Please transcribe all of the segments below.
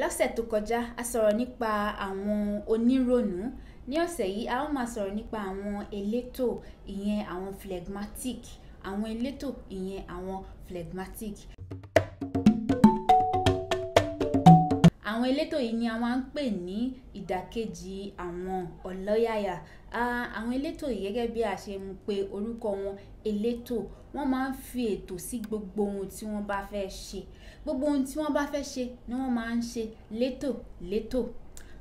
lọ́sẹ̀ tó kọjá a sọ̀rọ̀ nípa àwọn onírònú ní ọ̀sẹ̀ yìí a ó máa sọ̀rọ̀ nípa àwọn elétò ìyẹn àwọn phlegmatic àwọn elétò ìyẹn àwọn phlegmatic. àwọn elétò yìí ni a máa ń pè ní ìdàkejì àwọn ọ̀lọ́yàyà àwọn elétò yìí gẹ́gẹ́ bí a ṣe mú pé orúkọ wọn elétò wọ́n máa ń fi ètò sí gbogbo ohun tí wọ́n bá fẹ́ ṣe gbogbo ohun tí wọ́n bá fẹ́ ṣe ni wọ́n máa ń ṣe létò létò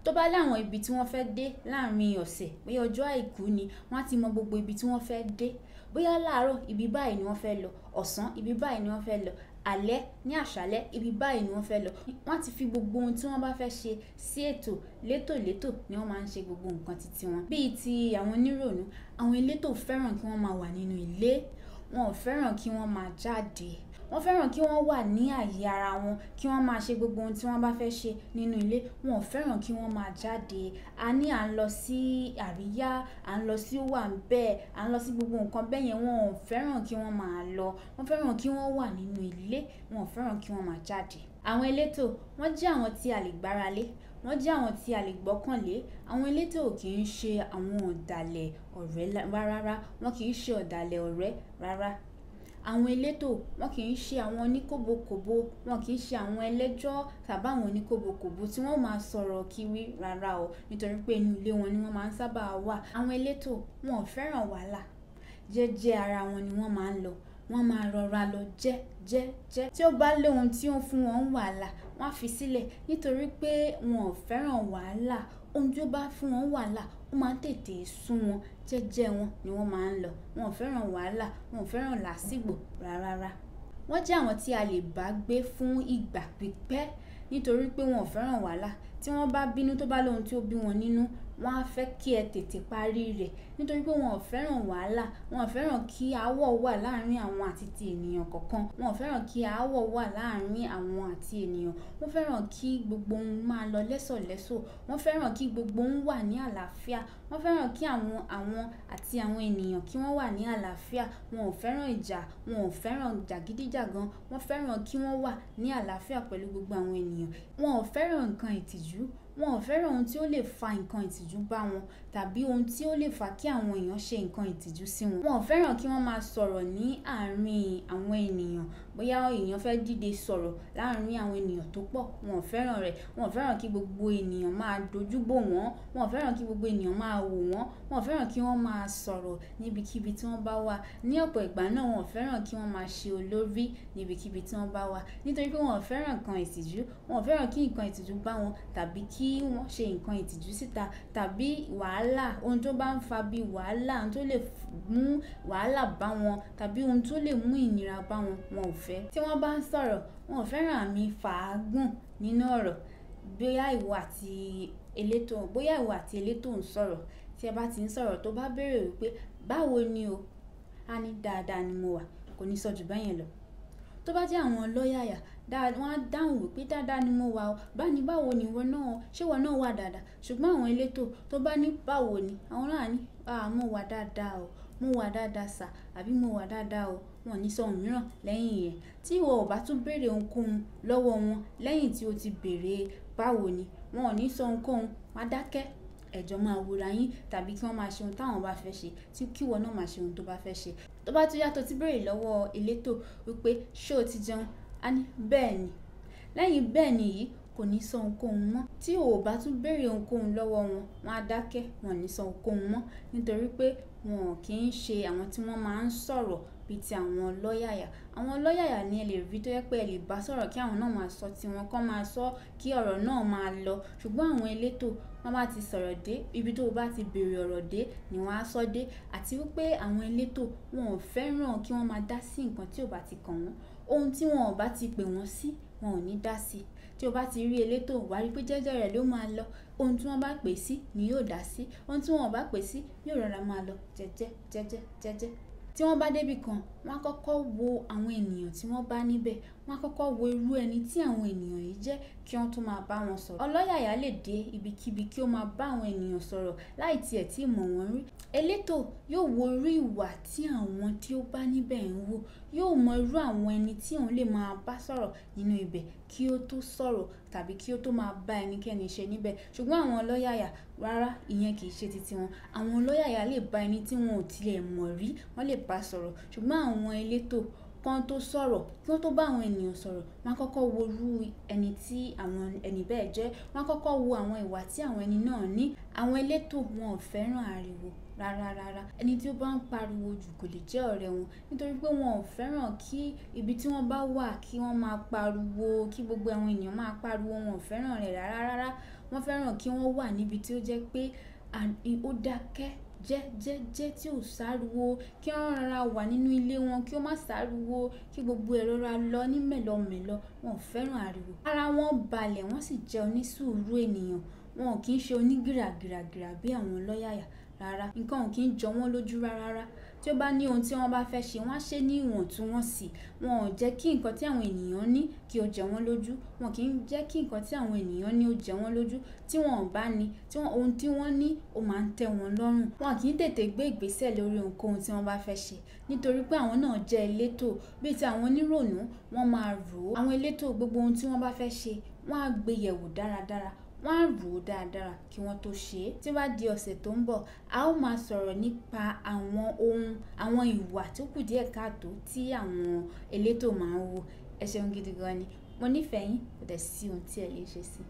tó bá láwọn ibi tí wọ́n fẹ́ dé láàrin ọ̀sẹ̀ bóyá ọjọ́ àìkú ni wọ́n á ti mọ gbogbo ibi tí wọ́n fẹ́ dé bóyá láàárọ̀ ibi báyìí ni wọ́n fẹ́ lọ ọ̀sán ibi báyìí ni wọ́n fẹ́ lọ alẹ́ ní àṣálẹ́ ibi báyìí ni wọ́n fẹ́ lọ wọ́n ti fi gbogbo ohun tí wọ́n bá fẹ́ ṣe sí ètò létòlétò ni wọ́n máa ń ṣe gbogbo nǹkan títí wọn. bíi ti àwọn onírònú àwọn elétò fẹ́ràn kí wọ́n máa wà nínú ilé wọn ò fẹ́ràn kí wọ́n máa jáde wọ́n fẹ́ràn kí wọ́n wà ní àyè ara wọn kí wọ́n máa ṣe gbogbo ohun tí wọ́n bá fẹ́ ṣe nínú ilé wọn ò fẹ́ràn kí wọ́n máa jáde a ní à ń lọ sí àríyá à ń lọ sí wà bẹ́ẹ̀ à ń lọ sí gbogbo nǹkan bẹ́ẹ̀ yẹn wọn ò fẹ́ràn kí wọ́n máa lọ wọ́n fẹ́ràn kí wọ́n wà nínú ilé wọn ò fẹ́ràn kí wọ́n máa jáde àwọn elétò wọ́n jẹ́ àwọn tí a lè gbára lé wọ́n jẹ́ àwọn tí a lè gbọ́kànlé àwọn elétò kì í ṣe àwọn ọ̀dàlẹ̀ ọ̀rẹ́ rárá wọ́n kì í ṣe ọ̀dàlẹ̀ ọ̀rẹ́ rárá àwọn elétò wọn kì í ṣe àwọn oníkòbókòbó wọn kì í ṣe àwọn ẹlẹ́jọ́ tàbí àwọn oníkòbókòbó tí wọ́n máa sọ̀rọ̀ kiri rárá o nítorí pé inú ilé wọn ni wọ́n máa ń sábà wà àwọn elétò wọn ò fẹ́ràn wàhálà jẹ́jẹ́ ara wọn ni wọ́n máa ń lọ wọ́n máa rọra lọ jẹ́ jẹ́ jẹ́ tí ó bá lóhun tí ó fún wọn wàhálà wọ́n á fi sílẹ̀ nítorí pé wọn ò fẹ́ràn wàhálà ohun tí ó bá fún wọn wàhálà ó máa ń tètè sú wọn jẹ́jẹ́ wọn ni wọ́n máa ń lọ wọn ò fẹ́ràn wàhálà wọn ò fẹ́ràn làásìgbò rárá wọ́n jẹ́ àwọn tí a lè bá gbé fún ìgbà pípẹ́ nítorí pé wọn ò fẹ́ràn wàhálà tí wọ́n bá bínú tó bá lóhun tí ó bí wọn nínú wọ́n á fẹ́ kí ẹ tètè parí rẹ̀ nítorí pé wọn ò fẹ́ràn wàhálà wọn ò fẹ́ràn kí aáwọ̀ wà láàárín àwọn àti ti ènìyàn kọ̀ọ̀kan wọn ò fẹ́ràn kí aáwọ̀ wà láàárín àwọn àti ènìyàn wọ́n fẹ́ràn kí gbogbo ohun máa lọ lẹ́sọ̀lẹ́sọ̀ wọ́n fẹ́ràn kí gbogbo ohun wà ní àlàáfíà wọ́n fẹ́ràn kí àwọn àwọn àti àwọn ènìyàn kí wọ́n wà ní àlàáfíà wọn ò fẹ́ràn ìjà wọn ò fẹ́ràn jàgídíjàgan wọ́n fẹ́ràn kí wọ́n wà ní àlàáfíà pẹ̀lú gbogbo àwọn ènìyàn wọn ò fẹ́ràn nǹkan ìtìjú vídeo wọn ò fẹ́ràn ohun tí ó lè fa nǹkan ìtìjú bá wọn tàbí ohun tí ó lè fa kí àwọn èèyàn ṣe nǹkan ìtìjú sí wọn. wọn ò fẹ́ràn kí wọ́n máa sọ̀rọ̀ ní àárín àwọn ènìyàn bóyá èèyàn fẹ́ dìde sọ̀rọ̀ láàárín àwọn ènìyàn tó pọ̀ wọn ò fẹ́ràn rẹ̀ wọn ò fẹ́ràn kí gbogbo ènìyàn máa dojúbò wọ́n wọn ò fẹ́ràn kí gbogbo ènìyàn máa wò wọ́n wọn ò fẹ́ràn kí wọ́n máa sọ̀rọ̀ níbikíbi tí wọ́n bá wà ní ọ̀pọ̀ ìgbà náà wọn ò fẹ́ràn kí wọ́n máa ṣe olórí níbikíbi tí wọ́n bá wà nítorí pé wọn ò fẹ́ràn nǹkan ìtìjú wọn ò fẹ́ràn kí nǹkan ìtìjú bá wọn tàbí kí kí wọ́n ṣe nǹkan ìtìjú síta tàbí wàhálà ohun tó bá ń fa bí wàhálà ohun tó lè mú wàhálà bá wọn tàbí ohun tó lè mú ìnira bá wọn wọn ò fẹ́. tí wọ́n bá ń sọ̀rọ̀ wọn ò fẹ́ràn àmì fàágùn nínú ọ̀rọ̀ bóyá ìwọ àti elétò bóyá ìwọ àti elétò ń sọ̀rọ̀ tí ẹ bá ti ń sọ̀rọ̀ tó bá béèrè wípé báwo ni o á ní dáadáa ni mo wà kò ní sọ jù bẹ́yẹn lọ tó bá jẹ́ àwọn lọ́yàyà wọ́n á dáhùn wípé dáadáa ni mo wà o bá ní báwo ni ìwọ náà ṣé ìwọ náà wà dáadáa ṣùgbọ́n àwọn elétò tó bá ní báwo ni àwọn náà ní mo wà dáadáa o mo wà dáadáa sà àbí mo wà dáadáa o wọn ní sọ mìíràn lẹ́yìn yẹn tí ìwọ ò bá tún béèrè ohunkóhun lọ́wọ́ wọn lẹ́yìn tí o ti béèrè báwo ni wọn ò ní sọ ohunkóhun wọn dákẹ́ ẹjọ máa wúra yín tàbí kí wọn máa ṣe ohun táwọn bá fẹ́ ṣe tí kí wọn náà máa ṣe ohun tó bá fẹ́ ṣe tó bá tún yàtọ̀ tí béèrè lọ́wọ́ elétò wípé ṣé o ti jẹun a ní bẹ́ẹ̀ ni lẹ́yìn bẹ́ẹ̀ ni yìí kò ní sọ ohunkóhun mọ́ tí o ò bá tún béèrè ohunkóhun lọ́wọ́ wọn wọn á dákẹ́ wọn ò ní sọ ohunkóhun mọ́ nítorí pé wọn ò kì í ṣe àwọn tí wọ́n máa ń sọ̀rọ̀ bíi ti àwọn lọ́yàyà àwọn lọ́yàyà ni ẹ lè rí tó yẹ pé ẹ lè bá sọ̀rọ̀ kí àwọn náà máa sọ tiwọn kọ́ máa sọ kí ọ̀rọ̀ náà máa lọ ṣùgbọ́n àwọn elétò wọn bá ti sọ̀rọ̀ dé ibi tó o bá ti béèrè ọ̀rọ̀ dé ni wọ́n á sọ dé àti wípé àwọn elétò wọn ò fẹ́ràn kí wọ́n máa dá sí nǹkan tí ò bá ti kàn wọ́n ohun tí wọn ò bá ti pè wọ́n sí wọn ò ní dá sí i tí o bá ti rí elétò wá rí pé jẹ́jẹ́ rẹ̀ ló máa lọ ohun tí wọ́n bá pè sí ni yóò dá sí ohun tí wọn ò bá pè sí yóò rọra máa lọ jẹ́jẹ́ jẹ́jẹ́ jẹ́jẹ́ tí wọ́n bá débì kan wọ́n á kọ́kọ́ wo àwọn ènìyàn tí wọ́n bá níbẹ̀ wọ́n á kọ́kọ́ wo irú ẹni tí àwọn ènìyàn yìí jẹ́ kí wọ́n tó máa bá wọn sọ̀rọ̀ ọlọ́yàyà lè dé ibikíbi kí ó máa bá àwọn ènìyàn sọ̀rọ̀ láì tiẹ̀ tí mọ̀ wọ́n rí Elétò yóò wo irú ìwà tí àwọn tí ó bá níbẹ̀ ń hù, yóò mọ irú àwọn ẹni tí òun lè máa bá sọ̀rọ̀ nínú ibẹ̀ kí ó tó sọ̀rọ̀ tàbí kí ó tó máa bá ẹnikẹ́ni ṣe níbẹ̀. Ṣùgbọ́n àwọn lọ́yàyà rárá, ìyẹn kì í ṣe titi wọn. Àwọn lọ́yàyà lè bá ẹni tí wọn ò tilẹ̀ mọ̀ rí, wọ́n lè bá sọ̀rọ̀. Ṣùgbọ́n àwọn elétò kán tó sọ̀rọ̀ kán tó bá àwọn ènìyàn sọ̀rọ̀ wọ́n á kọ́kọ́ wo irú ẹni tí àwọn ẹni bẹ́ẹ̀ jẹ́ wọ́n á kọ́kọ́ wo àwọn ìwà tí àwọn ẹni náà ní àwọn elétò wọn ò fẹ́ràn ariwo rárá rárá ẹni tí ó bá ń pariwo jù kò lè jẹ́ ọ̀rẹ́ wọn nítorí pé wọn ò fẹ́ràn kí ibi tí wọ́n bá wà kí wọ́n máa pariwo kí gbogbo àwọn ènìyàn máa pariwo wọn ò fẹ́ràn rẹ̀ rárá rárá wọ́n fẹ́ràn kí wọ́n wà níbi tí ó jẹ́ pé ó dákẹ́ jẹ́jẹ́jẹ́ tí ò sáriwo kí wọ́n rárá wà nínú ilé wọn kí ó má sáriwo kí gbogbo ẹ̀ rọra lọ ní mẹ̀lọmẹ̀lọ wọn ò fẹ́ràn ariwo. ara wọn balẹ̀ wọ́n sì jẹ́ onísùúrù ènìyàn wọn ò kì í ṣe onígìràgìràgìrà bí àwọn ọlọ́yàyà rárá nǹkan ò kì í jọ wọ́n lójú rárá tí ó bá ní ohun tí wọ́n bá fẹ́ ṣe wọ́n á ṣe ní ìwọ̀ntúnwọ̀nsì wọn ò jẹ́ kí nǹkan tí àwọn ènìyàn ní kí ó jẹ wọ́n lójú wọn kì í jẹ́ kí nǹkan tí àwọn ènìyàn ní ó jẹ wọ́n lójú tí wọn ò bá ní tí wọn ohun tí wọ́n ní ó máa ń tẹ́ wọn lọ́rùn wọn kì í tètè gbé ìgbésẹ̀ lórí ohunkóhun tí wọ́n bá fẹ́ ṣe nítorí pé àwọn náà jẹ́ elétò bíi ti àwọn onírònú wọ́n máa rò ó àwọn elétò gbogbo ohun tí wọ́n bá fẹ́ ṣe wọ́n á gbé yẹ̀wò dáradára wọ́n á rò ó dáradára kí wọ́n tó ṣe é. tí wá di ọ̀sẹ̀ tó ń bọ̀ a ó máa sọ̀rọ̀ nípa àwọn ohun àwọn ìwà tó kù díẹ̀ káàtó tí àwọn elétò máa ń hù ẹ ṣeun gidi gan ni mo nífẹ̀ẹ́ yín kò dẹ̀ sí ohun tí ẹ lè ṣe sí